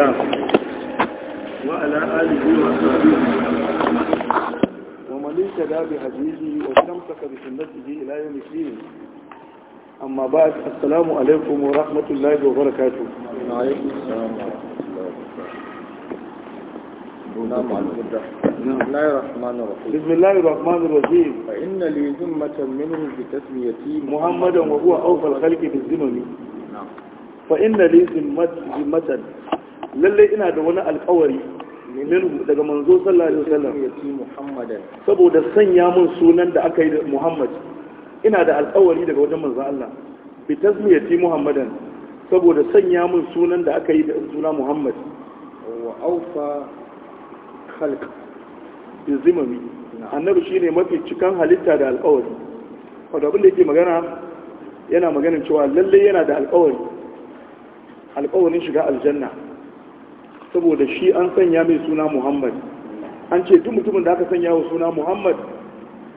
السلام وعلى آله وصحبه ومن اهتدى بهديه واستمسك بسنته إلى يوم الدين أما بعد السلام عليكم ورحمة الله وبركاته وعليكم السلام ورحمة الله وبركاته بسم الله الرحمن الرحيم فإن لي ذمة منه بتسميتي محمدا وهو أوفى الخلق بالزمن فإن لي ذمة lallai ina da wani alkawari daga manzo sallallahu alaihi wasallam saboda sanya mun sunan da aka yi da muhammad ina da alkawari daga wajen manzo Allah bi tasmiyati muhammadan saboda sanya mun sunan da aka yi da suna muhammad wa awfa khalq bi zimami annabi shine mafi cikan halitta da alkawari wato abin da yake magana yana maganin cewa lallai yana da alkawari alkawarin shiga aljanna saboda shi an sanya mai suna muhammad an ce duk mutumin da aka sanya wa suna muhammad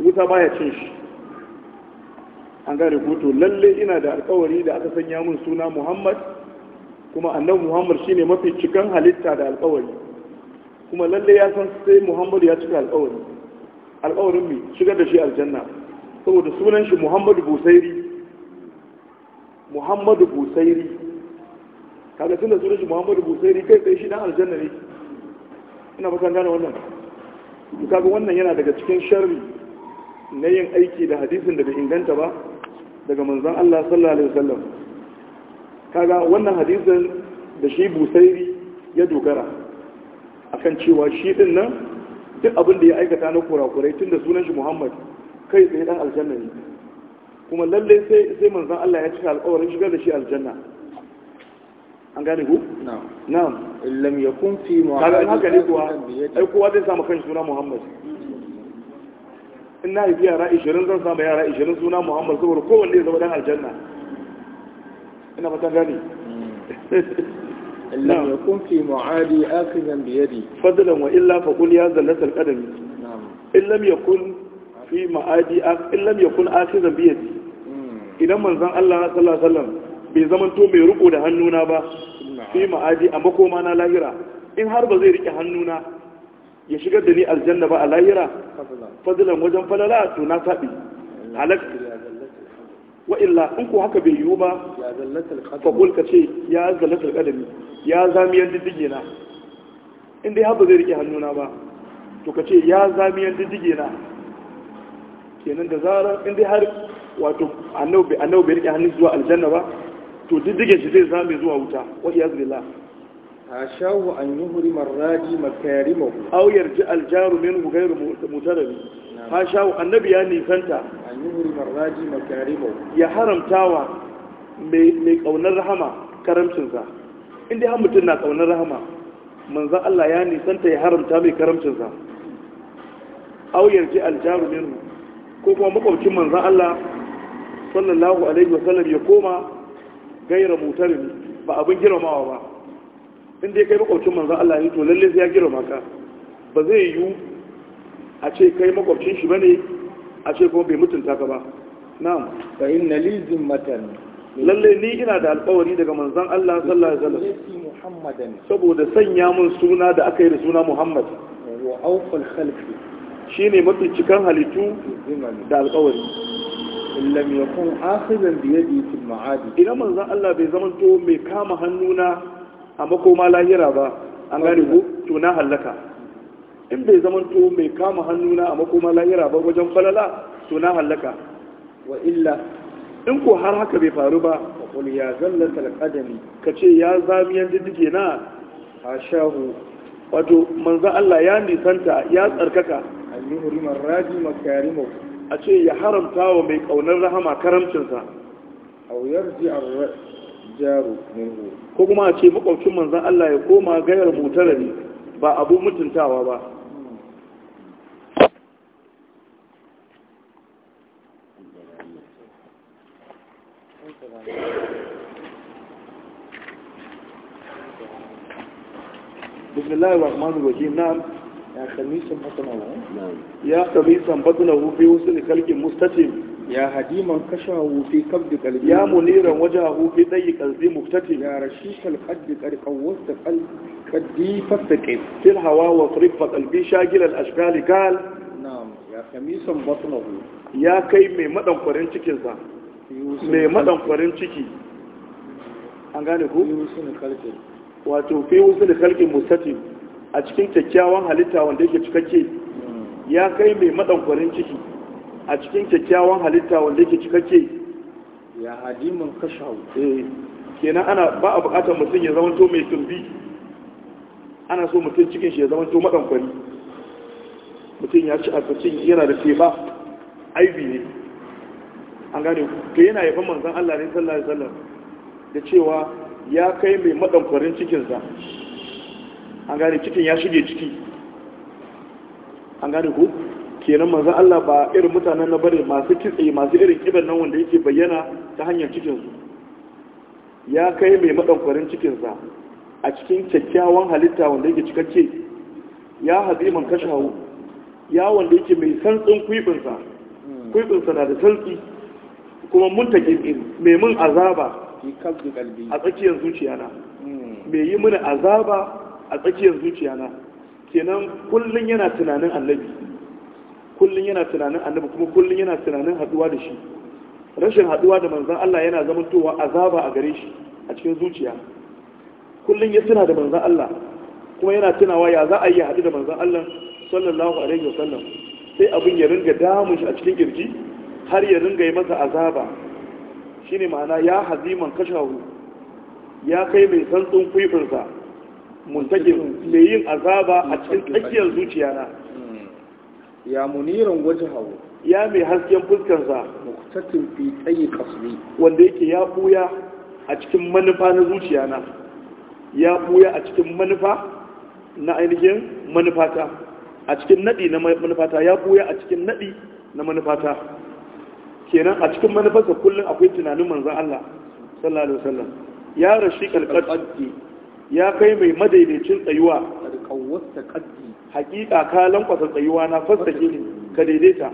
wuta baya cin shi an gane hoto lalle ina da alkawari da aka sanya min suna muhammad kuma annan muhammad shi ne mafi cikan halitta da alkawari kuma lalle ya san sai muhammad ya cika alkawari alkawarin mai shigar da shi aljanna saboda sunan shi muhammadu busairi muhammadu busairi kaga da sunan shi Muhammadu Busairi kai sai shi dan aljanna ne ina fatan gane wannan to kaga wannan yana daga cikin sharri na yin aiki da hadisin da bai inganta ba daga manzon Allah sallallahu alaihi wasallam kaga wannan hadisin da shi Busairi ya dogara akan cewa shi din nan duk abin da ya aikata na kurakurai tun da sunan shi Muhammad kai sai dan aljanna ne kuma lalle sai sai manzon Allah ya cika alƙawarin shigar da shi aljanna an gane ku na'am lam fi haka ne kuwa ai kowa zai samu kan suna muhammad ina yi yara 20 zan samu yara 20 suna muhammad saboda kowanne ya zama dan aljanna ina fatan gane lam yakun fi fadlan wa illa fa qul ya zallatul qadam in lam yakun fi ma'adi in lam yakun akhizan bi hmm. idan manzon Allah sallallahu alaihi wasallam bai to mai riko da hannuna ba fi ma'aji a makoma na lahira in har ba zai rike hannuna ya shigar da ni aljanna ba a lahira fadilan wajen falala to na faɗi. wa illa in ko haka bai yiwu ba faƙul ka ce ya zalatul qadami ya zamiyan diddige na in dai har ba zai rike hannuna ba to ka ce ya zamiyan diddige na kenan da zarar in dai har wato annabi bai rike hannun zuwa aljanna ba to diddige shi zai zame zuwa wuta wa la a shawo an yuhrima ar-raji makarimahu aw yarji al-jaru minhu ghayru ha shawo annabi ya nisanta an huri ar makayari makarimahu ya haramtawa mai mai kaunar rahama karamcinsa inda ya mutum na kaunar rahama manzan Allah ya nisanta ya haramta mai karamcinsa? Auyar aw yarji al-jaru ko kuma makwabcin manzan Allah sallallahu alaihi wasallam ya koma gaira mutarin ba abin girmamawa ba in dai kai makwabcin manzan Allah ne to lalle ya girma ka ba zai yiwu a ce kai makwabcin shi bane a ce kuma bai mutunta ka ba na'am fa inna li zimmatan lalle ni ina da alƙawari daga manzan Allah sallallahu alaihi wasallam saboda sanya mun suna da aka yi da suna Muhammad wa awfal khalqi shine mafi cikan halittu da alƙawari in lam yakun akhidan bi yadi fil ma'adi idan manzon Allah bai zama to mai kama hannuna a makoma lahira ba an gane ko to na halaka in bai zama to mai kama hannuna a makoma lahira ba wajen falala to na halaka wa illa in ko har haka bai faru ba qul ya zallata alqadami kace ya zamiyan diddige na hashahu wato manzon Allah ya nisanta ya tsarkaka an yuhrimar raji makarimu a ce ya haramta wa mai kaunar rahama karamcinsa a wuyar ar jaru ko kuma a ce makwabcin manzan Allah ya koma gayar mutara ne ba abu mutuntawa ba بسم الله الرحمن الرحيم نعم ya kamisan batuna hufi wasu da kalkin mustatim ya hadiman kasha hufi kabdi kalbi ya muniran wajen hufi ɗayi kalbi muftatim ya rashi kalkaddi karkan wasu kalkaddi fastaƙe fil hawa wa tsarifa kalbi shagilar ashgali gal ya kamisan batuna ya kai mai madankwarin cikinsa mai madankwarin ciki an gane ku? wato fi wasu da kalkin mustatim a cikin kyakkyawan halitta wanda yake cikakke ya kai mai madankwarin ciki a cikin kyakkyawan halitta wanda yake cikakke ya hadimin kashe eh kenan ana ba a bukatar mutum ya zama to mai tumbi ana so mutum cikin shi ya zama to madankwari mutum ya ci cikin yana da teba aibi ne an gane Ka yana yaban manzan Allah ne sallar da cewa ya kai mai madankwarin cikinsa an gane cikin ya shige ciki an gane ku kenan manzon Allah ba irin mutanen na bari masu kitse masu irin kibar nan wanda yake bayyana ta hanyar cikinsu ya kai mai cikin cikinsa a cikin kyakkyawan halitta wanda yake cikakke ya haziman kashawo ya wanda yake mai santsin kwibinsa kwibinsa na da santsi kuma mun in, mai mun azaba a tsakiyar zuciya na hmm. mai yi mini azaba a tsakiyar zuciya na kenan kullum yana tunanin annabi kullum yana tunanin annabi kuma kullum yana tunanin haduwa da shi rashin haduwa da manzan Allah yana zamantowa azaba a gare shi a cikin zuciya kullum ya tuna da manzan Allah kuma yana tunawa ya za a yi haɗu da manzan Allah sallallahu alaihi wasallam sai abin ya ringa damun shi a cikin kirji har ya ringa yi masa azaba shine ma'ana ya haziman kashahu ya kai mai santsin kuifinsa muntajin mai yin azaba a cikin tsakiyar zuciya na ya muniran waje hau ya mai hasken fuskarsa muktatin fi tsaye kasri wanda yake ya buya a cikin manufa na zuciya na ya buya a cikin manufa na ainihin manufata a cikin nadi na manufata ya buya a cikin nadi na manufata kenan a cikin manufarsa kullum akwai tunanin manzan Allah sallallahu alaihi wasallam ya rashi kalkaddi ya kai mai madaidaicin tsayuwa hakika ka lankwasa tsayuwa na fassake ne ka daidaita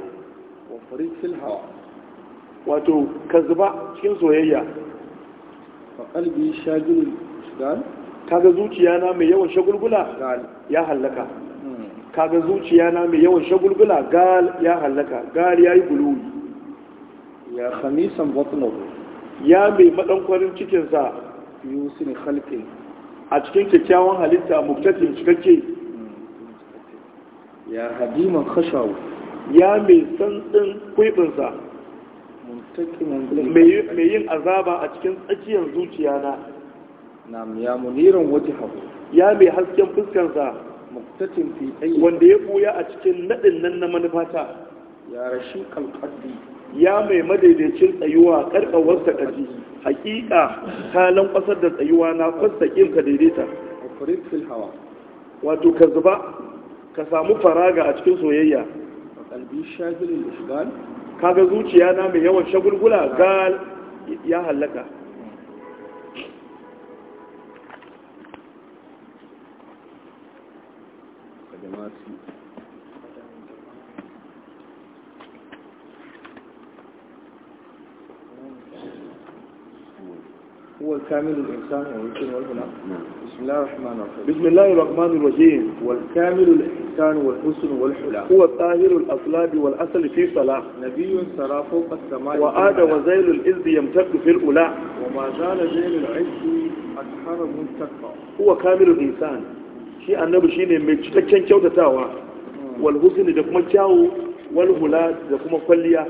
wato ka zuba cikin soyayya shagin shigar kaga zuciya na mai yawan shagulgula ya hallaka hmm. kaga zuciya na mai yawan shagulgula gal ya hallaka gal ya yi buluwi ya khamisan batnahu ya mai madankwarin cikinsa yusin khalqin a cikin kyakkyawan halitta muktatin cikakke ya hadiman kashawo ya mai tsantsin kwibinsa mai yin azaba a cikin tsakiyar zuciya na nam ya muniran waje ya mai hasken fuskansa muktatin fi wanda ya buya a cikin naɗin nan na manufata ya rashin kalkaddi ya mai madaidaicin tsayuwa karkawarsa ƙarfi haƙiƙa kalan ƙwasar da tsayuwa na fastaƙin ka daidaita wato ka zuba ka samu faraga a cikin soyayya kaga zuciya na mai yawan shagulgula ga ya hallaka هو الكامل الإنسان والجن يعني والبناء نعم. بسم الله الرحمن الرحيم بسم الله الرحمن الرحيم والكامل الإنسان والحسن والحلا هو الطاهر الأصلاب والأصل في صلاة نبي سرى فوق السماء وآد وزيل الإذ يمتد في الأولى وما زال زيل العز أكثر منتقى هو كامل الإنسان شيء النبي شيء من cikakken كيوتا تاوى والحسن da kuma kyawu wal hula da kuma kwalliya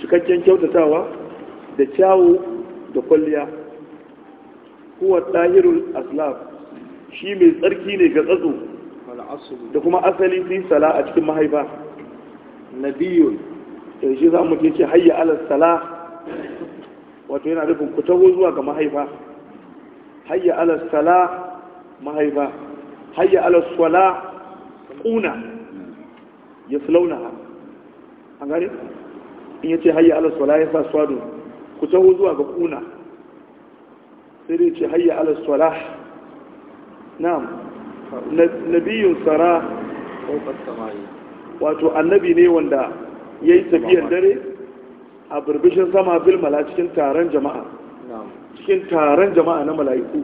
cikakken kyautatawa da kyawu da kwalliya kuwa ɗahirul aslam shi mai tsarki ne ga tsatso da kuma asali fi sala a cikin mahaifa na biyu da shi za mu ce hayya ala sala wato yana nufin ku taho zuwa ga mahaifa hayya ala sala mahaifa hayya ala sala kuna ya slauna an gane in yace hayya ala sala ya sa swado ku taho zuwa ga kuna sai dai ce hayya ala salah na'am nabiyun sara wato annabi ne wanda ya yi tafiyar dare a burbushin sama bilmala cikin taron jama'a cikin taron jama'a na mala'iku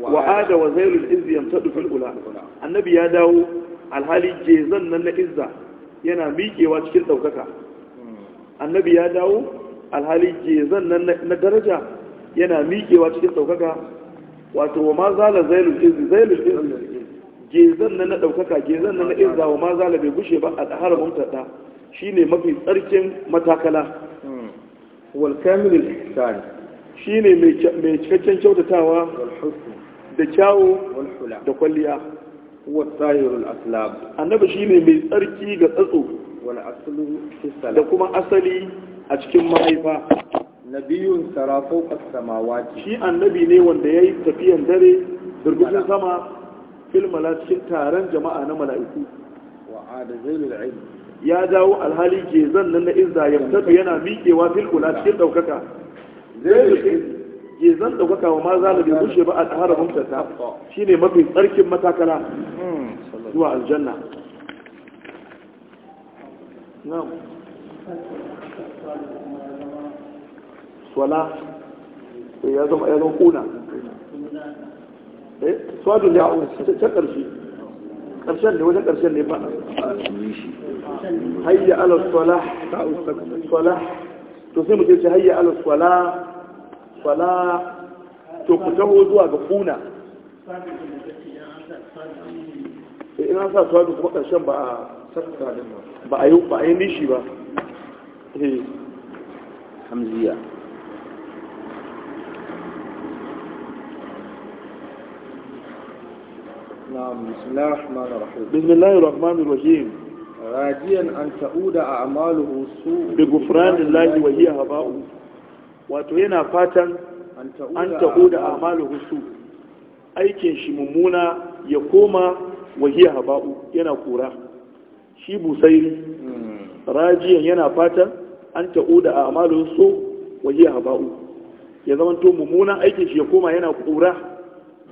wa'ada wa zairul izzi yamtadu fil ula annabi ya dawo alhali jezan nan na izza yana miƙewa cikin ɗaukaka hmm. annabi ya dawo alhali gezan nan na daraja yana miƙewa cikin ɗaukaka wato wa ma zala zailul izi zailul izi gezan nan na ɗaukaka gezan nan na izi wa ma zala bai gushe ba a ɗahara Shi ne mafi tsarkin matakala hmm. wal kamilul ihsan ne mai cikakken kyautatawa da kyawo da kwalliya huwa tsahirul aslam annabi ne mai tsarki ga tsatso da kuma asali a cikin mahaifa nabiyun sarafo samawa. shi annabi ne wanda ya yi tafiyan dare birgushin sama fil cikin taron jama'a na mala'iku ya dawo alhali ke nan na izza ya tafi yana miƙewa fil kula cikin ɗaukaka. zailul ilm ke zan daukaka wa ma zalabi bushe ba a tsara mutata ne mafi tsarkin matakala hmm. zuwa aljanna na'am swala ya zama ya zama kuna eh swadu ya ta karshe karshen ne wajen karshen ne ba hayya ala swala ta swala to sai mu ce hayya ala swala swala to ku taho zuwa ga kuna eh, ina sa swadu kuma karshen ba a ba a yi nishi ba hamziya نعم بسم الله الرحمن الرحيم بسم الله الرحمن الرحيم راجيا أن تعود أعماله سوء بغفران الله وهي هباء وتوينا فاتا أن تعود أعماله سوء aikin shi mummuna ya koma wahiya haba'u yana kura shi busairi rajiyan yana fatan an ta'uda da amalin so waje a ba'u ya zama to mummunan aikin shi ya koma yana kura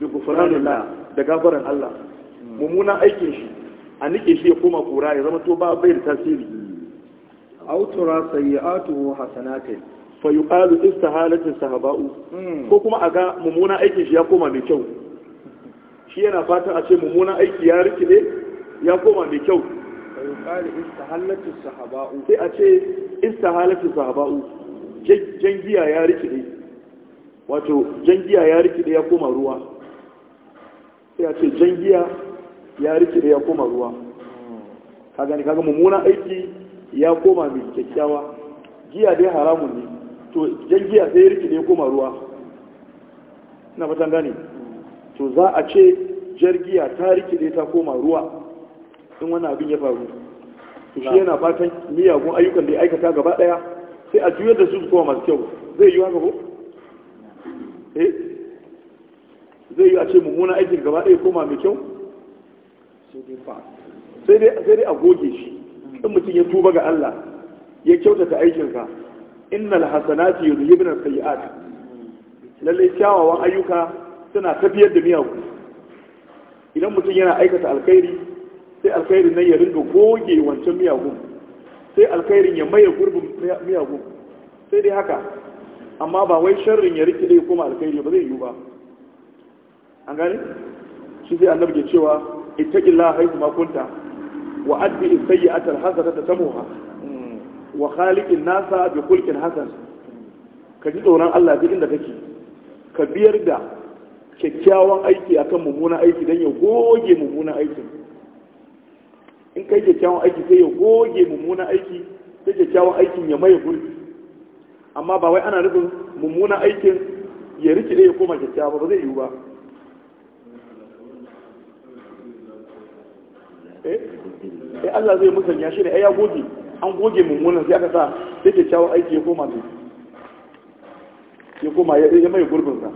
da gufuranin da gafaran Allah mummunan aikin shi a nike shi ya koma kura ya zama to ba bai da tasiri ato sayyi'atuhu hasanatin fa yuqalu istihalatu sahaba'u hmm. ko kuma aga mummunan aikin shi ya koma mai kyau shi yana fatan a ce mummunan aiki ya rikide ya koma mai kyau sai a ce istahalatu sahaba'u jangiya ya rikide wato jangiya ya rikide ya koma ruwa sai a ce jangiya ya rikide ya koma ruwa ka gani kaga mummuna aiki ya koma mai kyakkyawa giya dai haramun ne to jangiya sai ya rikide ya koma ruwa ina fatan gani. to za a ce jargiya ta rikide ta koma ruwa in wannan abin ya faru to shi yana fatan miyagun ayyukan da ya aikata gaba daya sai a juyar da su su kuma masu kyau zai yi haka ko eh zai yi a ce mummuna aikin gaba daya koma mai kyau sai dai a goge shi in mutum ya tuba ga Allah ya kyautata aikinsa innal hasanati yudhibna sayiat lalle kyawawan ayyuka suna tafiyar da miyagun. idan mutum yana aikata alkhairi sai alkhairin nan ya rinka goge wancan miyagun sai alkhairin ya maye gurbin miyagun sai dai haka amma ba wai sharrin ya rikide ko ma alkhairi ba zai yiwu ba an gane shi sai annabi ke cewa ittaqillaha haythu ma kunta wa addi as-sayyi'ata al tamuha wa khaliqin nasa bi khulqin hasan ka ji tsoron Allah duk inda kake ka biyar da kyakkyawan aiki akan mummunan aiki dan ya goge mummunan aikin in kai kyakkyawan aiki sai ya goge mummunan aiki sai kyakkyawan aikin ya maye gurbi amma ba wai ana rufin mummunan aikin ya rikide ya koma kyakkyawa ba zai yiwu ba eh Eh Allah zai musanya shi ne ai ya goge an goge mummunan sai aka sa sai kyakkyawan aiki ya koma ya koma ya maye gurbin sa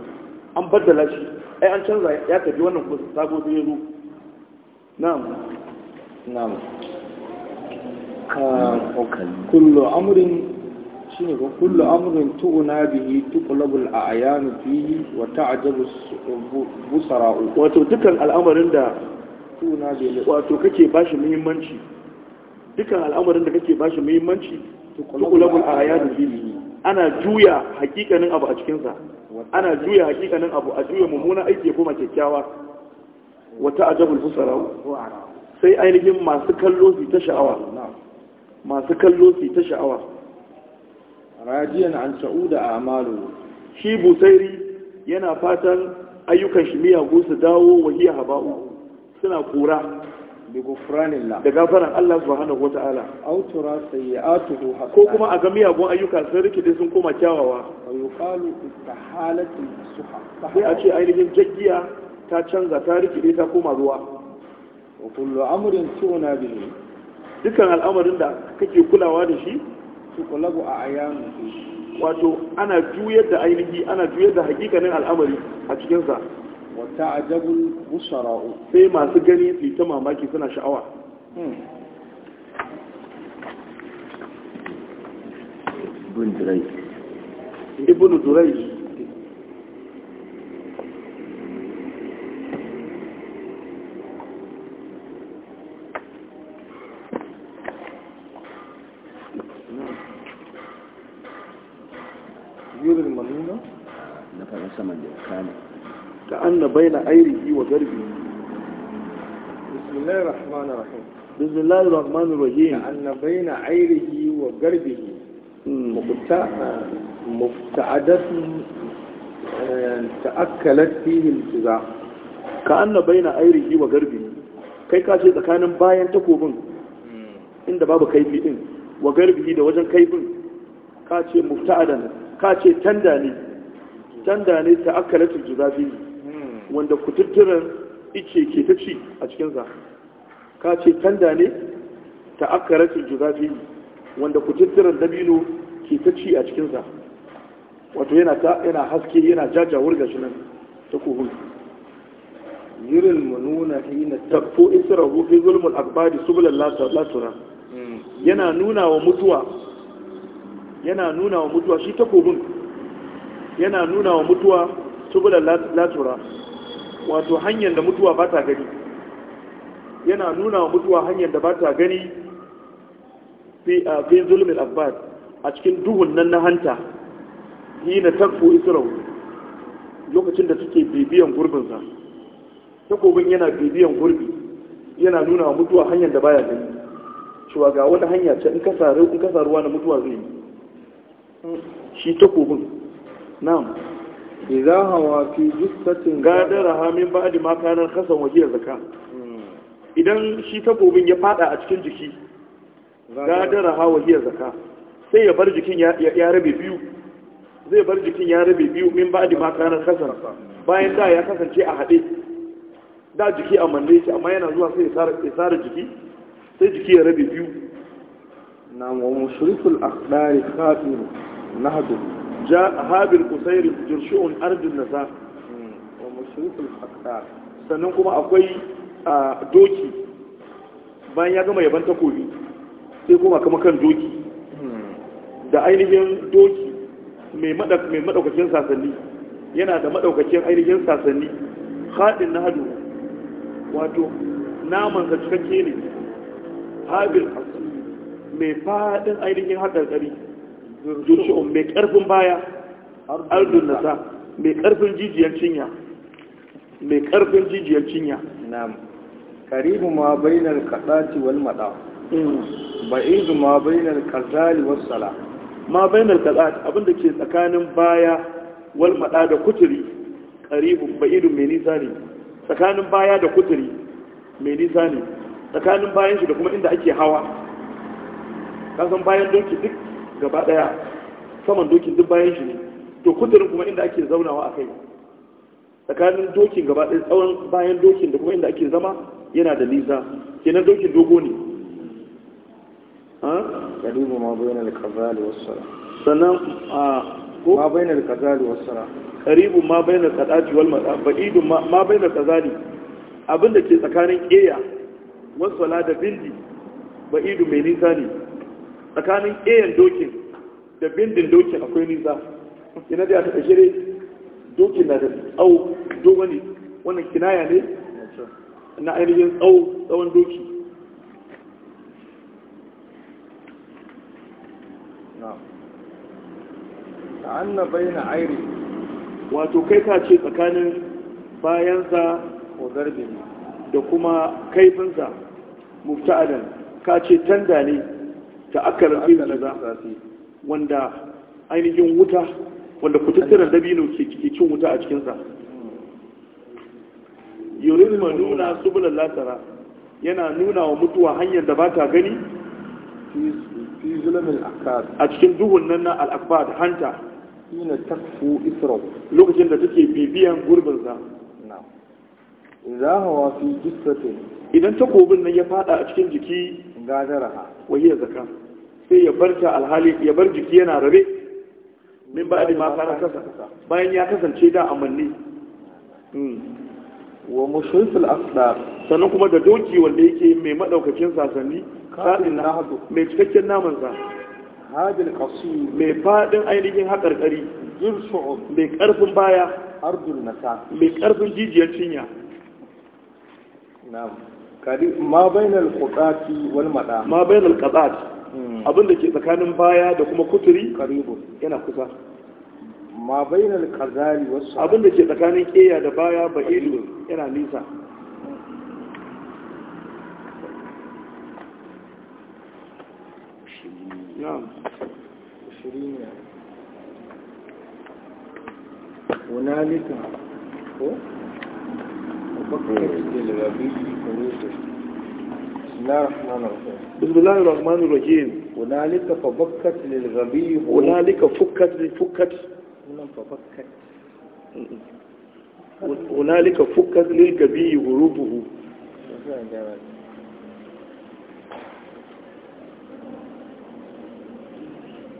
an baddala shi ai an canza ya tafi wannan kusa sabo zai yi zo na'am na'am kullu amrin shine ko kullu amrin tu'na bihi tuqlabul a'yanu fihi wa ta'jabu busara'u wato dukkan al'amarin da tu'na bihi wato kake bashi muhimmanci dukkan al'amarin da kake bashi muhimmanci tuqlabul a'yanu fihi ana juya hakikanin abu a cikinsa ana juya hakikanin abu a juya mummuna aiki ko kyakkyawa wata ajabul fusara sai ainihin masu kallo su ta sha'awa masu kallo su ta sha'awa rajiyan an sa'uda a amalu shi busairi yana fatan ayyukan shi miyagu su dawo wa hiya haba'u suna kura bi gufranillah da gafaran Allah subhanahu wata'ala aw ko kuma a ga miyagun ayyuka sun rikide sun koma kyawawa yuqalu suha sai a ce ainihin jaggiya ta canza ta rikide ta koma ruwa wa kullu amrin tuna bihi dukan al'amarin da kake kulawa da shi su kullabu a ayyanu wato ana juyar da ainihi ana juyar da hakikanin al'amari a cikin sa wa ta'ajabul sai masu gani su ta mamaki suna sha'awa hmm. ibn durai ibn durai saman da kana ka anna baina airihi wa garbi bismillahir rahmanir rahim bismillahir wa garbihi hmm. eh, ka anna baina airihi wa garbi. kai ka ce tsakanin bayan takobin hmm. inda babu kaifi din wa garbi da wajen kaifin ka ce mubta'adan ka ce tanda ne tanda ne ta akalatul juzafi wanda kututturan ice ke ta ci a cikinsa ka ce tanda ne ta akalatul juzafi wanda kututturan dabino ke ta ci a cikinsa wato yana ta yana haske yana jajawar gashi nan ta kuhun yirin manuna hina tafo isra'u fi zulmul akbari subulan latura hmm. yana nuna wa mutuwa yana nuna wa mutuwa shi ta takobin yana nuna wa mutuwa subulan latura wato hanyar da mutuwa ba ta gani yana nuna wa mutuwa hanyar da ba ta gani fi zulmin abbas a cikin duhun nan na hanta na tafi isra'u lokacin da suke bibiyan gurbinsa takobin yana bibiyan gurbi yana nuna wa mutuwa hanyar da baya gani cewa ga wata hanya ce in kasaruwa na mutuwa zai yi shi takobin na'am idza hawa fi jissatin gadara ha min ba'di ma kana khasan zaka idan shi takobin ya fada a cikin jiki gadara ha wajiya zaka sai ya bar jikin ya rabe biyu zai bar jikin ya rabe biyu min ba'di ma kana khasan bayan da ya kasance a hade da jiki a manne shi amma yana zuwa sai ya tsara jiki sai jiki ya rabe biyu na wa mushrikul akhdari khatir nahdu جاء هابل قصير جرشع أرض النساء ومشروط الحقدار sannan kuma akwai doki bayan ya gama yaban takobi sai kuma kama kan doki da ainihin doki mai madaukakin sasanni yana da madaukakin ainihin sasanni haɗin na hadu wato naman ka cikakke ne habil mai faɗin ainihin haƙarƙari jurshun mai ƙarfin baya ardun nasa mai ƙarfin jijiyar cinya mai ƙarfin jijiyar cinya na karibu ma bainar qadati wal mada hmm. ba'idu ma bainar qazali was sala ma bainal qadat abinda ke tsakanin baya wal maɗa da kuturi karibu ba'idu mai nisa ne tsakanin baya da kuturi mai nisa ne tsakanin bayan shi da kuma inda ake hawa kasan bayan doki duk gaba daya saman dokin duk bayan shi ne to kudurin kuma inda ake zaunawa a kai tsakanin dokin gaba daya tsawon bayan dokin da kuma inda ake zama yana da nisa kenan dokin dogo ne galibu ma bayan alkazali wassara sannan a ko ma bayan alkazali wassara karibu ma bayan alkazali wal ba'idu ma bayan alkazali abinda ke tsakanin ƙeya wassala da bindi ba'idu mai nisa ne tsakanin ƙeyan dokin da bindin dokin akwai nisa ina da ta ƙashe dai dokin na da tsawo dogo ne wannan kinaya ne na ainihin tsawo tsawon doki ta anna bayyana airi wato kai ka ce tsakanin bayansa ko garbi da kuma kaifinsa mufta'adan ka ce tanda ne ta akalar bilgiza wanda ainihin wuta wanda kututturen dabino ke cin wuta a cikinsa yorin ma nuna subulan latara yana nuna wa mutuwa hanyar da ba ta gani a cikin duhun nan na al'akba da hanta ina takfu isra lokacin da take bibiyan gurbinsa za hawa fi jistatin idan takobin nan ya fada a cikin jiki gadaraha waye zaka sai ya barta alhali ya bar jiki yana rabe min ba ma fara kasa bayan ya kasance da amanni hmm. wa al-aqdar sannan kuma da doki wanda yake mai madaukakin sasanni sadin na hadu mai cikakken naman sa hadil qasim mai fadin ainihin hakarkari jirsu mai karfin baya ardul nasa mai karfin jijiyar cinya na'am ma bainal qadati wal mada ma bainal qadati hmm. abin da ke tsakanin baya da kuma kuturi karibu yana kusa ma bainal qazali was abin da ke tsakanin keya da baya ba ido yana nisa ko بسم الله الرحمن الرحيم هنالك فبكت للغبي هنالك فكت فكت هنالك فكت للغبي غروبه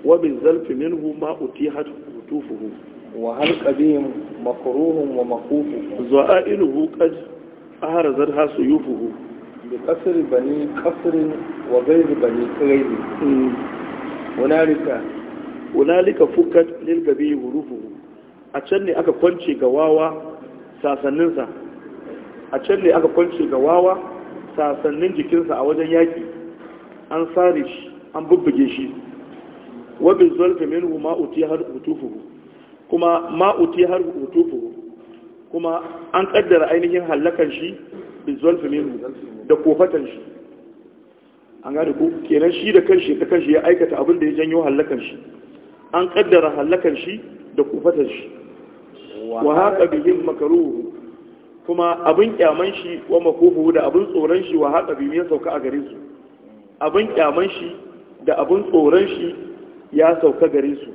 وبالزلف منه ما أتيحت هتوفه وهل قديم مكروه ومخوف زائله قد أهرزتها سيوفه بقصر بني قصر وغير بني غير هنالك هنالك فكت للغبي غروفه a can ne aka kwance ga wawa sasanninsa a can ne aka kwance ga wawa sasannin jikinsa a wajen yaki an sare shi an bubbuge shi wabin zolfe min huma uti har hutufuhu kuma ma'uti har hutufu kuma an kaddara ainihin halakan shi bizolfi minu da kofatan shi an gane ku kenan shi da kanshi ta kanshi ya aikata abin da ya janyo halakan shi an kaddara halakan shi da kofatan shi wa haka bihin makaruhu kuma abin kyaman shi wa makuhu da abin tsoron shi wa haka bihin ya sauka a gare su abin kyaman shi da abin tsoron shi ya sauka gare su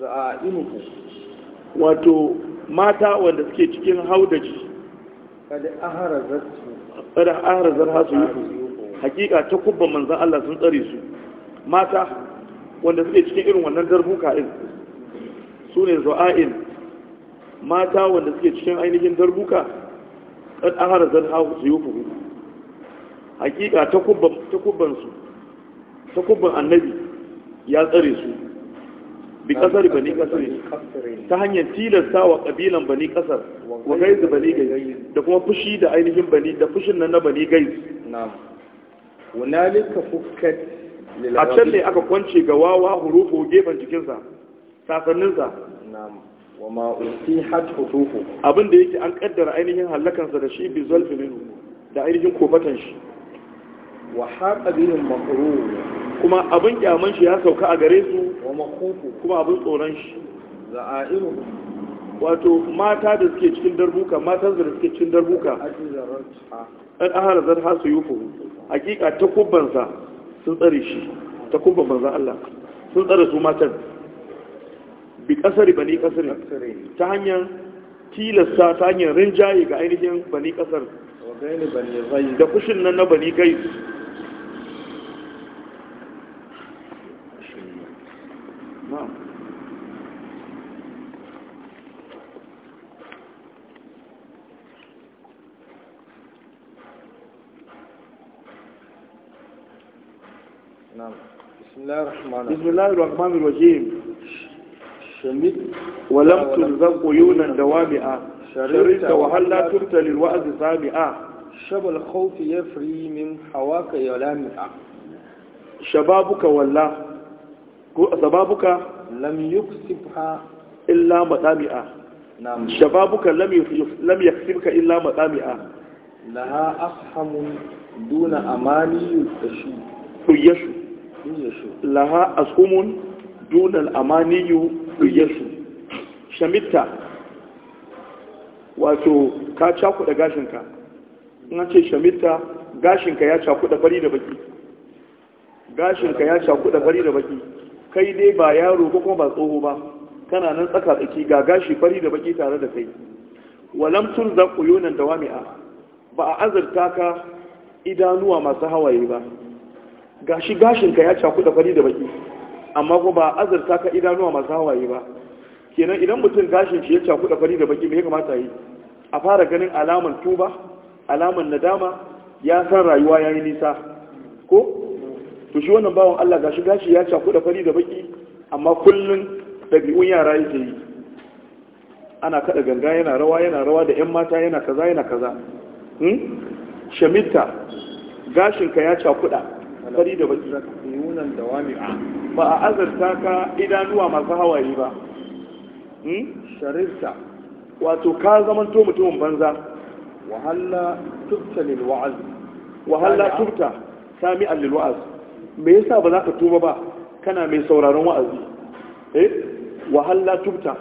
za'imuku wato mata wanda suke cikin haudaji kada aharazat kada aharazat hasu hakika ta kubban manzan Allah sun tsare su mata wanda suke cikin irin wannan darbuka din su ne zu'a'in. mata wanda suke cikin ainihin darbuka kada aharazat hasu yufu hakika ta kubban ta kubban su ta kubban annabi ya tsare su bi kasar bani kasar ta hanyar tilasta wa kabilan bani kasar wa da bani gai da kuma fushi da ainihin bani da fushin nan na bani gai a can ne aka kwance ga wawa hurufu gefen jikinsa sasanninsa wa ma usihat hutufu abin da yake an kaddara ainihin hallakansa da shi bizol filin. da ainihin kofatan shi wa haqa biyun maqrur kuma abin kyaman shi ya sauka a gare su kuma abin tsoron shi wato mata da suke cikin darbuka mata da suke cikin darbuka ɗan ahara zan hasu yufu hakika ta kubbansa sun tsare shi ta kubban banza Allah sun tsare su matan bi kasari bani kasari ta hanyar tilasta ta hanyar rinjaye ga ainihin bani kasar da kushin nan na bani gaisu بسم الله الرحمن الرحيم شميت ولم تلزم قيونا دوامعا شريت وهل لا تبت للوعظ سامئة شب الخوف يفري من حواك يلامئة شبابك ولا شبابك لم يكسبها إلا مطامئة نعم شبابك لم لم يكسبك إلا مطامئة لها أفهم دون أماني يستشير laha askumun dunal amaniyu riyarsu shamitta wato ka cakuɗa gashinka in an ce shamitta gashinka ya cakuɗa fari da baki gashinka ya cakuɗa fari da baki kai dai ba yaro ko kuma ba tsoho ba kana nan tsaka tsaki ga gashi fari da baki tare da kai walam tun za ku yonan dawami'a ba a azurta ka idanuwa masu hawaye ba gashi gashinka ya cakuɗa fari da baki amma ko ba azurta ka idanuwa masu hawaye ba kenan idan mutum gashin shi ya cakuɗa fari da baki me ya kamata yi a fara ganin alaman tuba alaman nadama ya san rayuwa yayi nisa ko to shi wannan bawan Allah gashi gashi ya cakuɗa fari da baki amma kullun dabi'un yara yake yi ana kada ganga yana rawa yana rawa da 'yan mata yana kaza yana kaza hmm? shamitta gashinka ya cakuɗa fari da baki yunan da wami'a ba a azarta ka idanuwa masu hawaye ba hmm? sharirta wato ka zaman to mutumin banza wahalla tubta lil wa'az wahalla tubta sami'an lil wa'az me yasa ba za ka tuba ba kana mai sauraron wa'azi eh wahalla tubta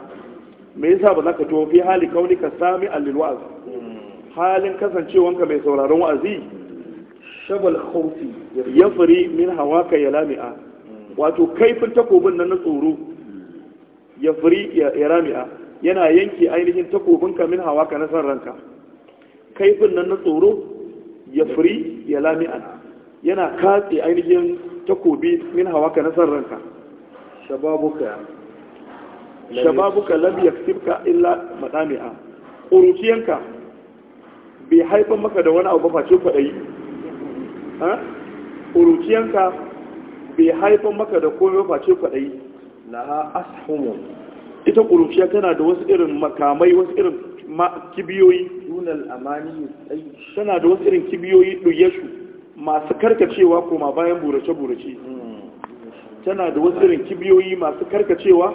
me yasa ba za ka tuba fi hali kaunika sami'an lil wa'az hmm. halin kasancewanka mai sauraron wa'azi shabal khawfi yafri min hawaka ya lami'a hmm. wato kaifin takobin nan na tsoro yafri ya lami'a yana yanke ainihin takobin ka min hawaka na san ranka kaifin nan na tsoro yafri ya lami'a yana katse ainihin takobi min hawaka na san ranka shababuka shababuka lam yaksibka illa madami'a ƙuruciyanka bai haifan maka da wani abu ba face kwaɗayi ƙuruciyanka bai haifan maka da komai face kwaɗayi laha ashumun ita ƙuruciya tana da wasu irin makamai wasu irin kibiyoyi dunal amani tana da wasu irin kibiyoyi ɗuyeshu masu karkacewa koma bayan burace-burace hmm. tana da wasu irin kibiyoyi masu karkacewa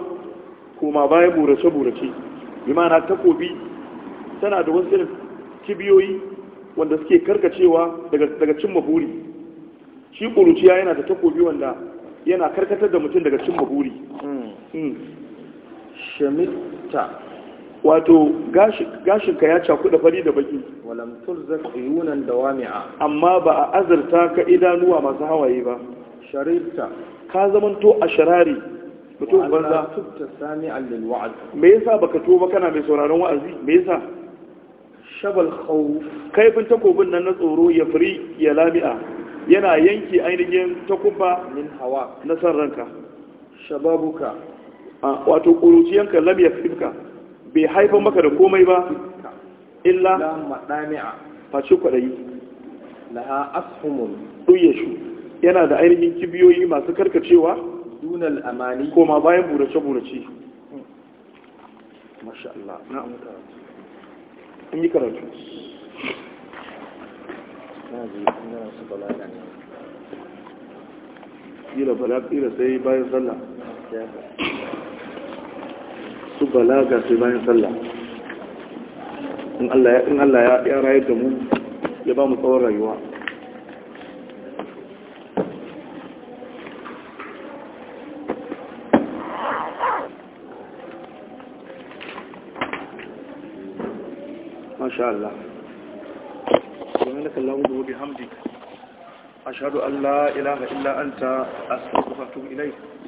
koma bayan burace-burace bi ma'ana takobi tana da wasu irin kibiyoyi wanda suke karkacewa daga cimma buri shi ƙuruciya yana da takobi wanda yana karkatar da mutum daga cimma buri hmm. hmm. shamita wato gashinka ya da fari da baki walam turzar yunan dawami'a amma ba a azarta ka idanuwa masu hawaye ba sharita ka zamanto a sharari mutum banza tubta sami allil wa'az me yasa baka tuba kana mai sauraron wa'azi me yasa shabal kaifin takobin nan na tsoro ya firi ya lami'a yana yanki ainihin takuba min hawa na san ranka shababuka wato kuruciyanka lam yafika bai haifan maka da komai ba illa madami'a face kwaɗayi. laha ashumun duyashu yana da ainihin kibiyoyi masu karkacewa dunal amani koma bayan burace-burace masha Allah na amurka in yi karatu ƙira bala ƙira sai bayan sallah su balaga sai bayan sallah in Allah ya rayar da mu ya ba mu tsawon rayuwa insha Allah subhanaka allahumma wa bihamdika ashhadu an allah ilaha illa anta astaghfiruka wa atubu